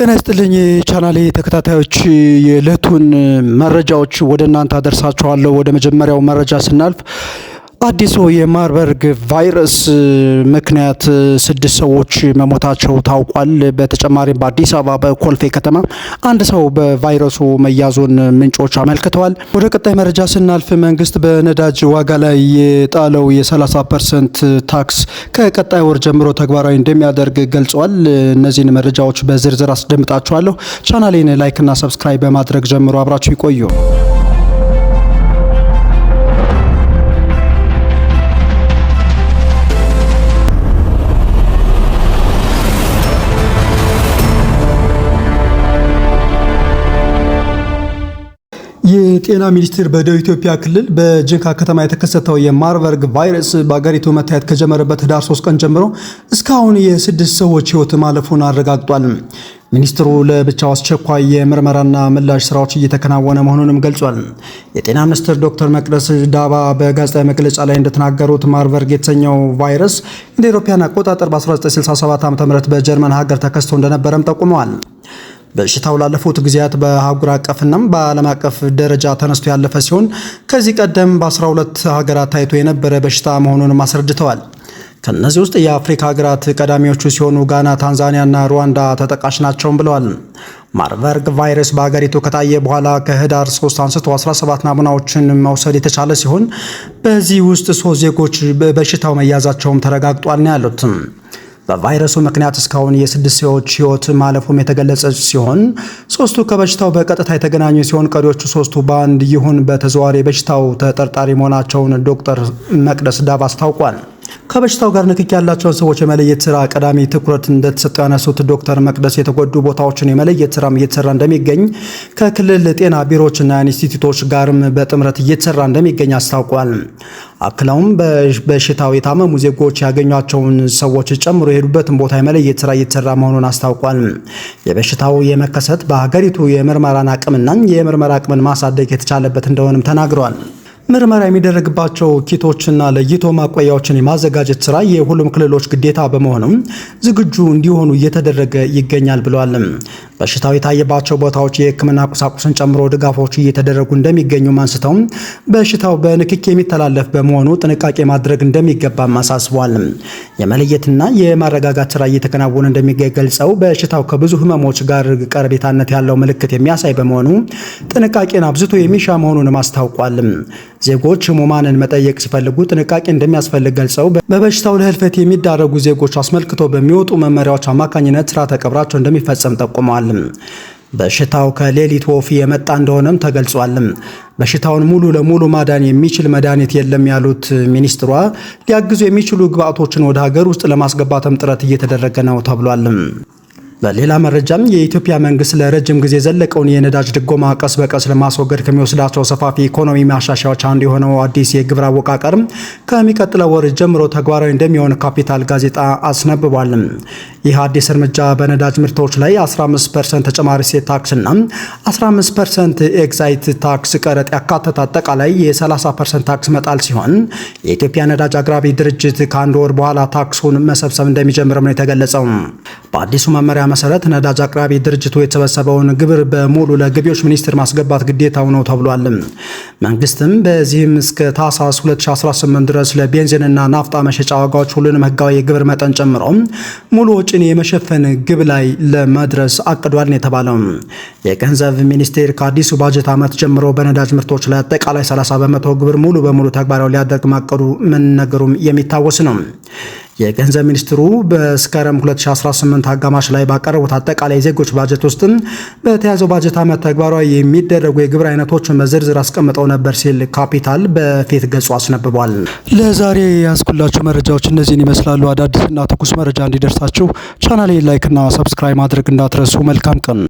ጤና ይስጥልኝ የቻናሌ ተከታታዮች፣ የዕለቱን መረጃዎች ወደ እናንተ አደርሳችኋለሁ። ወደ መጀመሪያው መረጃ ስናልፍ አዲሱ የማርበርግ ቫይረስ ምክንያት ስድስት ሰዎች መሞታቸው ታውቋል። በተጨማሪም በአዲስ አበባ በኮልፌ ከተማ አንድ ሰው በቫይረሱ መያዙን ምንጮች አመልክተዋል። ወደ ቀጣይ መረጃ ስናልፍ መንግስት በነዳጅ ዋጋ ላይ የጣለው የ30 ፐርሰንት ታክስ ከቀጣይ ወር ጀምሮ ተግባራዊ እንደሚያደርግ ገልጿል። እነዚህን መረጃዎች በዝርዝር አስደምጣችኋለሁ። ቻናሌን ላይክና ሰብስክራይብ በማድረግ ጀምሮ አብራችሁ ይቆዩ። የጤና ሚኒስቴር በደቡብ ኢትዮጵያ ክልል በጅንካ ከተማ የተከሰተው የማርበርግ ቫይረስ በአገሪቱ መታየት ከጀመረበት ህዳር 3 ቀን ጀምሮ እስካሁን የስድስት ሰዎች ህይወት ማለፉን አረጋግጧል። ሚኒስትሩ ለብቻው አስቸኳይ የምርመራና ምላሽ ስራዎች እየተከናወነ መሆኑንም ገልጿል። የጤና ሚኒስትር ዶክተር መቅደስ ዳባ በጋዜጣዊ መግለጫ ላይ እንደተናገሩት ማርበርግ የተሰኘው ቫይረስ እንደ አውሮፓውያን አቆጣጠር በ1967 ዓ.ም በጀርመን ሀገር ተከስቶ እንደነበረም ጠቁመዋል። በሽታው ላለፉት ጊዜያት በአህጉር አቀፍናም በዓለም አቀፍ ደረጃ ተነስቶ ያለፈ ሲሆን ከዚህ ቀደም በ12 ሀገራት ታይቶ የነበረ በሽታ መሆኑን አስረድተዋል። ከነዚህ ውስጥ የአፍሪካ ሀገራት ቀዳሚዎቹ ሲሆኑ ጋና፣ ታንዛኒያና ሩዋንዳ ተጠቃሽ ናቸውም ብለዋል። ማርበርግ ቫይረስ በሀገሪቱ ከታየ በኋላ ከህዳር 3 አንስቶ 17 ናሙናዎችን መውሰድ የተቻለ ሲሆን በዚህ ውስጥ ሶስት ዜጎች በበሽታው መያዛቸውም ተረጋግጧል ነው ያሉት። በቫይረሱ ምክንያት እስካሁን የስድስት ሰዎች ህይወት ማለፉም የተገለጸ ሲሆን ሶስቱ ከበሽታው በቀጥታ የተገናኙ ሲሆን ቀሪዎቹ ሶስቱ በአንድ ይሁን በተዘዋዋሪ በሽታው ተጠርጣሪ መሆናቸውን ዶክተር መቅደስ ዳብ አስታውቋል። ከበሽታው ጋር ንክኪ ያላቸውን ሰዎች የመለየት ስራ ቀዳሚ ትኩረት እንደተሰጠው ያነሱት ዶክተር መቅደስ የተጎዱ ቦታዎችን የመለየት ስራም እየተሰራ እንደሚገኝ ከክልል ጤና ቢሮዎችና ኢንስቲትዩቶች ጋርም በጥምረት እየተሰራ እንደሚገኝ አስታውቋል። አክለውም በሽታው የታመሙ ዜጎች ያገኟቸውን ሰዎች ጨምሮ የሄዱበትን ቦታ የመለየት ስራ እየተሰራ መሆኑን አስታውቋል። የበሽታው የመከሰት በሀገሪቱ የምርመራን አቅምና የምርመራ አቅምን ማሳደግ የተቻለበት እንደሆነም ተናግረዋል። ምርመራ የሚደረግባቸው ኪቶችና ለይቶ ማቆያዎችን የማዘጋጀት ስራ የሁሉም ክልሎች ግዴታ በመሆኑም ዝግጁ እንዲሆኑ እየተደረገ ይገኛል ብለዋል። በሽታው የታየባቸው ቦታዎች የህክምና ቁሳቁስን ጨምሮ ድጋፎች እየተደረጉ እንደሚገኙም አንስተው በሽታው በንክኪ የሚተላለፍ በመሆኑ ጥንቃቄ ማድረግ እንደሚገባም አሳስቧል። የመለየትና የማረጋጋት ስራ እየተከናወነ እንደሚገኝ ገልጸው በሽታው ከብዙ ህመሞች ጋር ቀረቤታነት ያለው ምልክት የሚያሳይ በመሆኑ ጥንቃቄን አብዝቶ የሚሻ መሆኑንም አስታውቋል። ዜጎች ህሙማንን መጠየቅ ሲፈልጉ ጥንቃቄ እንደሚያስፈልግ ገልጸው በበሽታው ለህልፈት የሚዳረጉ ዜጎች አስመልክቶ በሚወጡ መመሪያዎች አማካኝነት ስራ ተቀብራቸው እንደሚፈጸም ጠቁመዋል። ተጠቁሟል። በሽታው ከሌሊት ወፍ የመጣ እንደሆነም ተገልጿል። በሽታውን ሙሉ ለሙሉ ማዳን የሚችል መድኃኒት የለም ያሉት ሚኒስትሯ ሊያግዙ የሚችሉ ግብአቶችን ወደ ሀገር ውስጥ ለማስገባትም ጥረት እየተደረገ ነው ተብሏል። በሌላ መረጃም የኢትዮጵያ መንግስት ለረጅም ጊዜ ዘለቀውን የነዳጅ ድጎማ ቀስ በቀስ ለማስወገድ ከሚወስዳቸው ሰፋፊ ኢኮኖሚ ማሻሻያዎች አንዱ የሆነው አዲስ የግብር አወቃቀርም ከሚቀጥለው ወር ጀምሮ ተግባራዊ እንደሚሆን ካፒታል ጋዜጣ አስነብቧል። ይህ አዲስ እርምጃ በነዳጅ ምርቶች ላይ 15 ተጨማሪ ሴት ታክስና 15 ኤግዛይት ታክስ ቀረጥ ያካተተ አጠቃላይ የ30 ታክስ መጣል ሲሆን የኢትዮጵያ ነዳጅ አቅራቢ ድርጅት ከአንድ ወር በኋላ ታክሱን መሰብሰብ እንደሚጀምርም ነው የተገለጸው። በአዲሱ መመሪያ መሰረት ነዳጅ አቅራቢ ድርጅቱ የተሰበሰበውን ግብር በሙሉ ለገቢዎች ሚኒስቴር ማስገባት ግዴታው ነው ተብሏል። መንግስትም በዚህም እስከ ታህሳስ 2018 ድረስ ለቤንዚንና ናፍጣ መሸጫ ዋጋዎች ሁሉንም ህጋዊ የግብር መጠን ጨምሮ ሙሉ ወጪን የመሸፈን ግብ ላይ ለመድረስ አቅዷል የተባለው የገንዘብ ሚኒስቴር ከአዲሱ ባጀት ዓመት ጀምሮ በነዳጅ ምርቶች ላይ አጠቃላይ 30 በመቶ ግብር ሙሉ በሙሉ ተግባራዊ ሊያደርግ ማቀዱ መነገሩም የሚታወስ ነው። የገንዘብ ሚኒስትሩ በስከረም 2018 አጋማሽ ላይ ባቀረቡት አጠቃላይ ዜጎች ባጀት ውስጥም በተያዘው ባጀት ዓመት ተግባራዊ የሚደረጉ የግብር አይነቶችን በዝርዝር አስቀምጠው ነበር ሲል ካፒታል በፊት ገጹ አስነብቧል። ለዛሬ ያስኩላችሁ መረጃዎች እነዚህን ይመስላሉ። አዳዲስና ትኩስ መረጃ እንዲደርሳችሁ ቻናሌን ላይክና ሰብስክራይብ ማድረግ እንዳትረሱ። መልካም ቀን